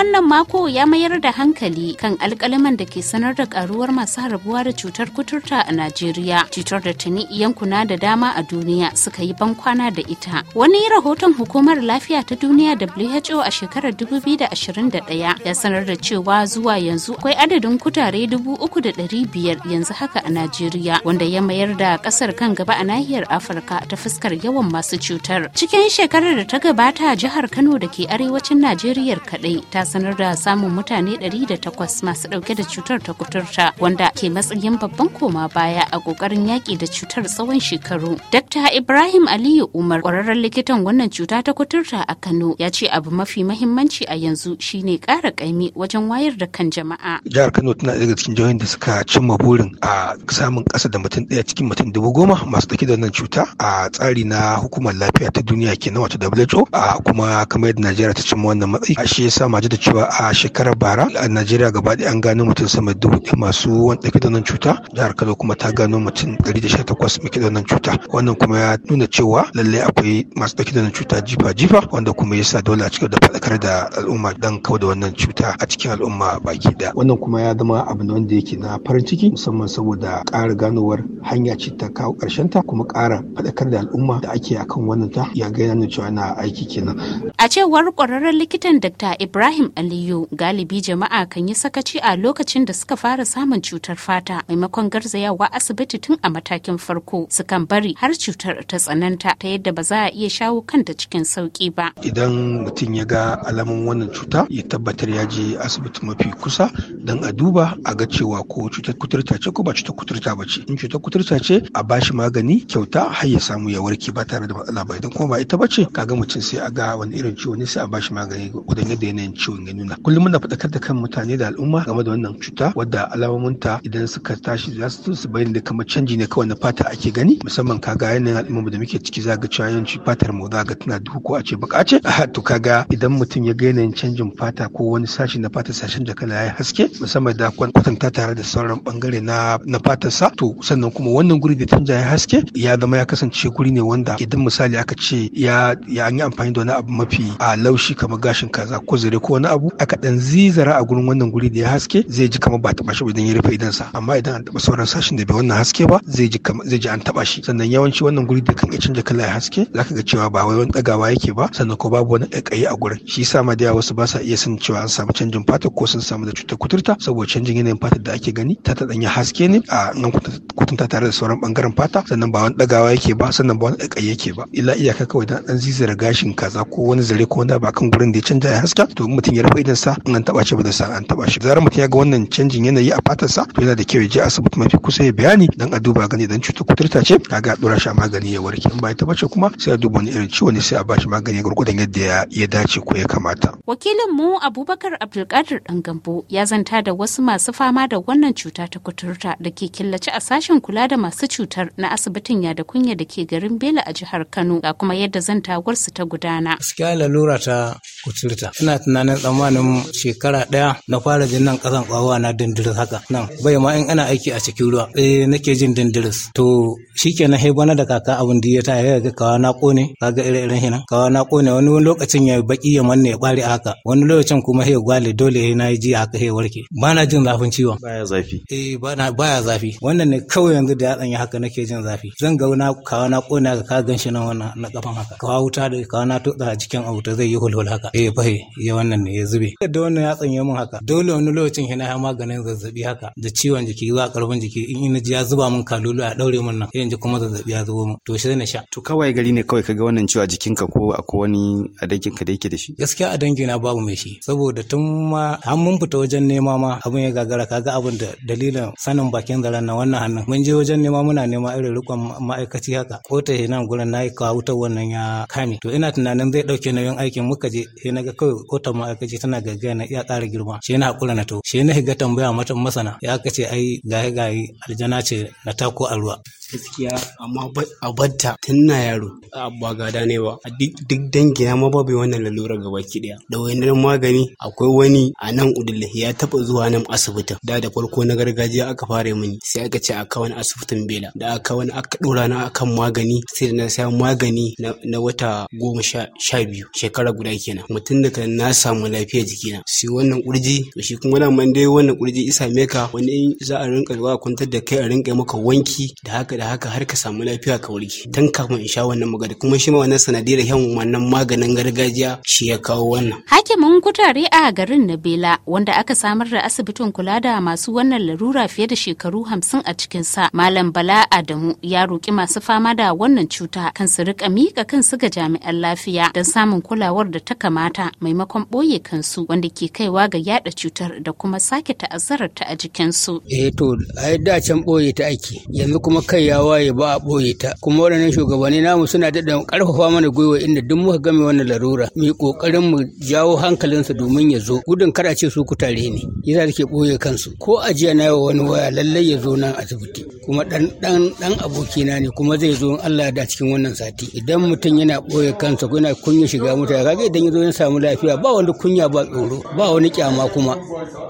wannan mako ya mayar da hankali kan alkalaman da ke sanar da karuwar masu harbuwa da cutar kuturta a Najeriya, cutar da tuni yankuna da dama a duniya suka yi bankwana da ita. Wani rahoton hukumar lafiya ta duniya WHO a shekarar 2021 ya sanar da cewa zuwa yanzu akwai adadin kutare 3,500 yanzu haka a Najeriya, wanda ya mayar da kasar kan gaba a nahiyar Afirka ta fuskar yawan masu cutar. Cikin shekarar da ta gabata jihar Kano da ke arewacin Najeriya kaɗai ta sanar da samun mutane 108 masu dauke da cutar ta kuturta wanda ke matsayin babban koma baya a kokarin yaki da cutar tsawon shekaru. Dr. Ibrahim Aliyu Umar kwararren likitan wannan cuta ta kuturta a Kano ya ce abu mafi mahimmanci a yanzu shine kara kaimi wajen wayar da kan jama'a. Jihar Kano tana daga cikin jihohin da suka cimma burin a samun kasa da mutum daya cikin mutum dubu goma masu dauke da wannan cuta a tsari na hukumar lafiya ta duniya ke kenan wato WHO a kuma kamar yadda Najeriya ta cimma wannan matsayi a shi yasa maji cewa a shekarar bara a najeriya gaba ɗaya an gano mutum sama da dubu masu wanda ɗauki cuta jihar kano kuma ta gano mutum ɗari da sha takwas mai kiɗa cuta wannan kuma ya nuna cewa lallai akwai masu ɗauki da cuta jifa-jifa wanda kuma yasa dole a cikin da faɗakar da al'umma dan kau da wannan cuta a cikin al'umma baki ɗaya wannan kuma ya zama abu ne wanda yake na farin ciki musamman saboda ƙara ganowar hanya ce ta kawo ƙarshen ta kuma ƙara faɗakar da al'umma da ake akan wannan ta ya gaya nuna cewa na aiki kenan a cewar ƙwararren likitan Dr. Ibrahim Aliyu galibi jama'a kan yi sakaci a lokacin da suka fara samun cutar fata maimakon garzayawa asibiti tun a matakin farko sukan bari har cutar ta tsananta ta yadda ba za a iya shawo kanta cikin sauki ba. Idan mutum ya ga alamun wannan cuta ya tabbatar ya je asibiti mafi kusa don a duba a ga cewa ko cutar kuturta ce ko ba cutar kuturta ba ce. In cutar kuturta ce a bashi magani kyauta har ya samu ya warke ba tare da matsala ba idan kuma ba ita ba ce kaga mutum sai a ga wani irin ciwo ne sai a bashi magani gudan yadda yanayin ciwo. ciwon ya nuna kullum muna faɗakar da kan mutane da al'umma game da wannan cuta wadda alamominta idan suka tashi za su su bayyana da kamar canji ne kawai na fata ake gani musamman kaga yanayin al'umma da muke ciki za ga cewa yanci fatar mu za ga tana duhu a ce baka ce a to kaga idan mutum ya ga yanayin canjin fata ko wani sashi na fata sashen da kana ya haske musamman da kwatanta tare da sauran bangare na na sa to sannan kuma wannan guri da canja ya haske ya zama ya kasance guri ne wanda idan misali aka ce ya ya an yi amfani da wani abu mafi a laushi kamar gashin kaza ko zare ko wani abu aka dan zizara a gurin wannan guri da ya haske zai ji kamar ba taba shi idan ya rufe idan sa amma idan an taba sauran sashin da bai wannan haske ba zai ji zai ji an taba shi sannan yawanci wannan guri da kan iya canja kala ya haske zaka ga cewa ba wai wani dagawa yake ba sannan ko babu wani kaikayi a gurin shi yasa ma da wasu ba sa iya sanin cewa an samu canjin fata ko sun samu da cutar kuturta saboda canjin yanayin fata da ake gani ta ta danya haske ne a nan kutunta tare da sauran bangaren fata sannan ba wani dagawa yake ba sannan ba wani kaikayi yake ba illa iyaka kawai dan an zizara gashin kaza ko wani zare ko wani ba kan gurin da ya canja ya haska to mutum mutum ya rufe idonsa in an taba shi ba da sa an taba shi zarar mutum ya ga wannan canjin yanayi a fatarsa to yana da kyau ya je asibiti mafi kusa ya bayani dan a duba gani dan cutar kuturta ce kaga dora shi magani ya warke in ba taba kuma sai a duba wani irin ciwo ne sai a bashi magani ya gurgudan yadda ya dace ko ya kamata wakilin mu Abubakar Abdulkadir Dangambo ya zanta da wasu masu fama da wannan cuta ta kuturta da ke killace a sashen kula da masu cutar na asibitin ya da kunya da ke garin Bela a jihar Kano ga kuma yadda zan ta gudana gaskiya lalura ta kuturta ina tunanin tsammanin shekara ɗaya na fara jin nan ƙasan ƙwawa na dindiris haka nan bai ma in ana aiki a cikin ruwa eh nake jin dindiris to shikenan he bana da kaka abun da ya ya ga kawa na kone kaga ire-iren hinan kawa na kone wani wani lokacin ya baki ya manne ya bari haka wani lokacin kuma he gwale dole na yi ji haka he warke bana jin zafin ciwon baya zafi eh bana baya zafi wannan ne kawai yanzu da ya tsanya haka nake jin zafi zan ga na kawa na kone ga ka ganshi nan wannan na kafan haka kawa wuta da kawa na tutsa a cikin auta zai yi hulhul haka eh fahe ya wannan ne ne ya zube da wannan ya tsanye mun haka dole wani lokacin hina ya maganin zazzabi haka da ciwon jiki zuwa karfin jiki in ina ji ya zuba mun kalulu a daure mun nan sai ji kuma zazzabi ya zubo mun. to shi na sha to kawai gari ne kawai kaga wannan ciwo a jikinka ko akwai wani a danginka da yake da shi gaskiya a dangina babu mai shi saboda tun ma har mun fita wajen nema ma abin ya gagara kaga abin da dalilin sanin bakin zaren na wannan hannun mun je wajen nema muna nema irin rikon ma'aikaci haka ko ta nan gurin na yi kawo wutar wannan ya kame to ina tunanin zai dauke nauyin aikin muka je sai na ga kawai ko ma'aikaci aka ce tana gaggaya na iya ƙara girma shi na haƙura na to shi na higa tambaya mata masana ya aka ce ai gaye gaye aljana ce na tako a ruwa gaskiya amma a batta tun na yaro ba gada ne ba duk ya ma babu wannan lalura ga baki daya da wainar magani akwai wani a nan udulla ya taba zuwa nan asibitin da da farko na gargajiya aka fara mini sai aka ce aka wani asibitin bela da aka wani aka dora na akan magani sai da na sa magani na wata goma sha biyu shekara guda kenan mutum daga na samu lafiya jikina sai wannan kurji to shi kuma daman dai wannan kurji isa meka wani za a rinka zuwa kwantar da kai a rinka maka wanki da haka da haka har ka samu lafiya ka warke tun kafin in sha wannan magani kuma shi ma wannan sanadiyar yan wannan maganin gargajiya shi ya kawo wannan hakimin kutare a garin na bela wanda aka samar da asibitin kula da masu wannan larura fiye da shekaru hamsin a cikin sa malam bala adamu ya roki masu fama da wannan cuta kan su rika mika kansu ga jami'an lafiya don samun kulawar da ta kamata maimakon ɓoye kansu wanda ke kaiwa ga yada cutar da kuma sake ta'azzarar ta a jikinsu. eh to ai da can ɓoye ta aiki yanzu kuma kai ya waye ba a ɓoye ta kuma waɗannan shugabanni namu suna daɗa ƙarfafa mana gwiwa inda duk muka game wannan larura mu yi ƙoƙarin mu jawo hankalinsa domin ya zo gudun kar a ce su kutare ne yasa suke ɓoye kansu ko ajiya na yawa wani waya lallai ya zo nan asibiti kuma ɗan ɗan ɗan abokina ne kuma zai zo in Allah da cikin wannan sati idan mutum yana ɓoye kansa ko yana kunya shiga ya kaga idan ya zo ya samu lafiya ba wani kunya ba tsoro ba wani kyama kuma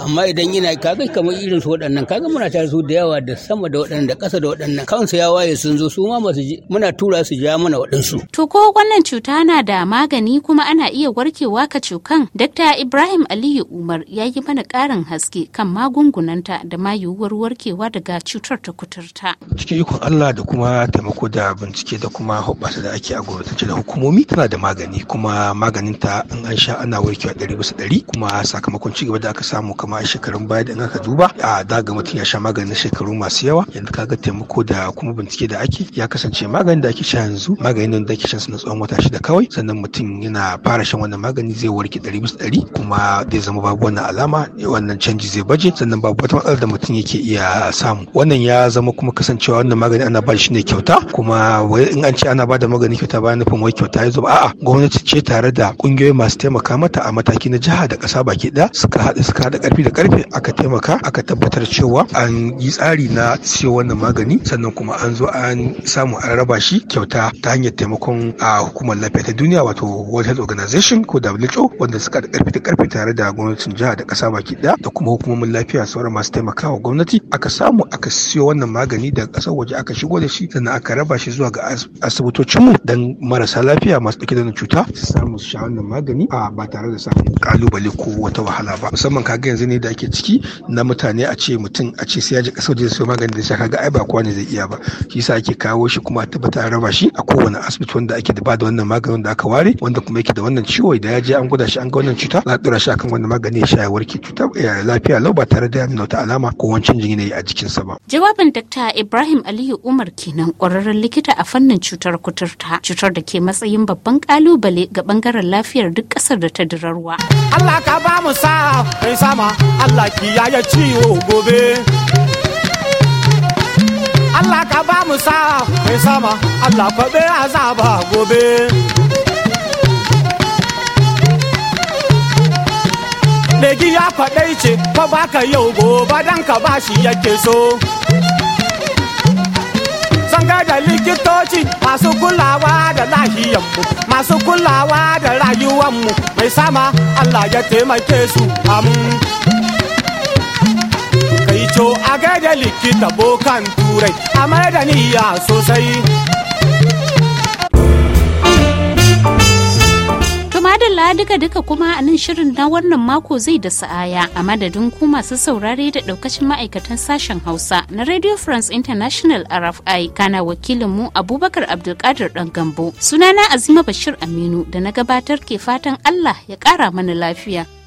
amma idan yana kaga kamar irin su waɗannan kaga muna tare su da yawa da sama da waɗannan da ƙasa da waɗannan su ya waye sun zo su ma masu muna tura su ja mana waɗansu. To ko wannan cuta na da magani kuma ana iya warkewa ka cukan? Dakta Ibrahim Aliyu Umar ya yi mana ƙarin haske kan magungunanta da ma yiwuwar warkewa daga cutar ta kuturta. Cikin ikon Allah da kuma taimako da bincike da kuma hoɓɓasa da ake a gwamnatance da hukumomi tana da magani kuma maganin ta in an sha ana warkewa ɗari bisa ɗari kuma sakamakon cigaba da aka samu kamar shekarun baya da in aka duba a daga mutum ya sha maganin shekaru masu yawa yanzu kaga taimako da kuma bincike da ake ya kasance maganin da ake sha yanzu maganin da ake shan su na tsawon wata shida kawai sannan mutum yana fara shan wannan magani zai warke ɗari bisa ɗari kuma zai zama babu wannan alama wannan canji zai baje sannan babu wata matsalar da mutum yake iya samu wannan ya zama kuma kasancewa wannan magani ana ba shi ne kyauta kuma in an ce ana ba da magani kyauta ba nufin wai kyauta ya zo a'a gwamnati ce tare da ƙungiyoyi masu taimaka mata a mataki na jiha da ƙasa baki ɗaya suka haɗa suka haɗa ƙarfi da ƙarfe aka taimaka aka tabbatar cewa an yi tsari na siyo wannan magani sannan kuma an zo an samu an raba shi kyauta ta hanyar taimakon a hukumar lafiya ta duniya wato World Health Organization ko WHO wanda suka da karfi da karfi tare da gwamnatin jiha da kasa baki daya da kuma hukumomin lafiya sauran masu taimakawa gwamnati aka samu aka siyo wannan magani da kasar waje aka shigo da shi sannan aka raba shi zuwa ga asibitocinmu don marasa lafiya masu ɗauke da cuta su samu su sha wannan magani a ba tare da samun kalubale ko wata wahala ba musamman kaga yanzu ne da ake ciki na mutane a ce mutum a ce sai ya je kasar waje da magani da shi kaga ai ba kowa ne zai iya ba shi yasa ake kawo shi kuma tabbata raba shi a kowane asibiti wanda ake da bada wannan maganin da aka ware wanda kuma yake da wannan ciwo da ya je an gwada shi an ga wannan cuta za a dora shi akan wannan magani ya sha ya warke cuta eh, lafiya lau ba tare da ya nuna wata alama ko wancan jini ne a jikinsa ba. Jawabin Dr. Ibrahim Aliyu Umar kenan kwararren likita a fannin cutar kuturta cutar da ke matsayin babban kalubale ga bangaren lafiyar duk kasar da ta dirarwa. Allah ka ba mu sa sama Allah ki ya ciwo gobe. Allah ka ba mu mai sama Allah kwabe azaba gobe Legi ya kwaɗai ce ko baka yau gobe dan ka ba bashi yake so Sanga da likitoci masu kulawa da lahiyanmu masu kulawa da mu, mai sama Allah ya taimake su amin to a gaida likita bokan turai a madaniya da niyya sosai madalla duka-duka kuma a nan shirin na wannan mako zai da sa'aya a madadin ku masu saurare da daukacin ma'aikatan sashen hausa na radio france international rfi kana mu abubakar abdulkadir dan gambo sunana azima bashir aminu da na gabatar ke fatan allah ya kara mana lafiya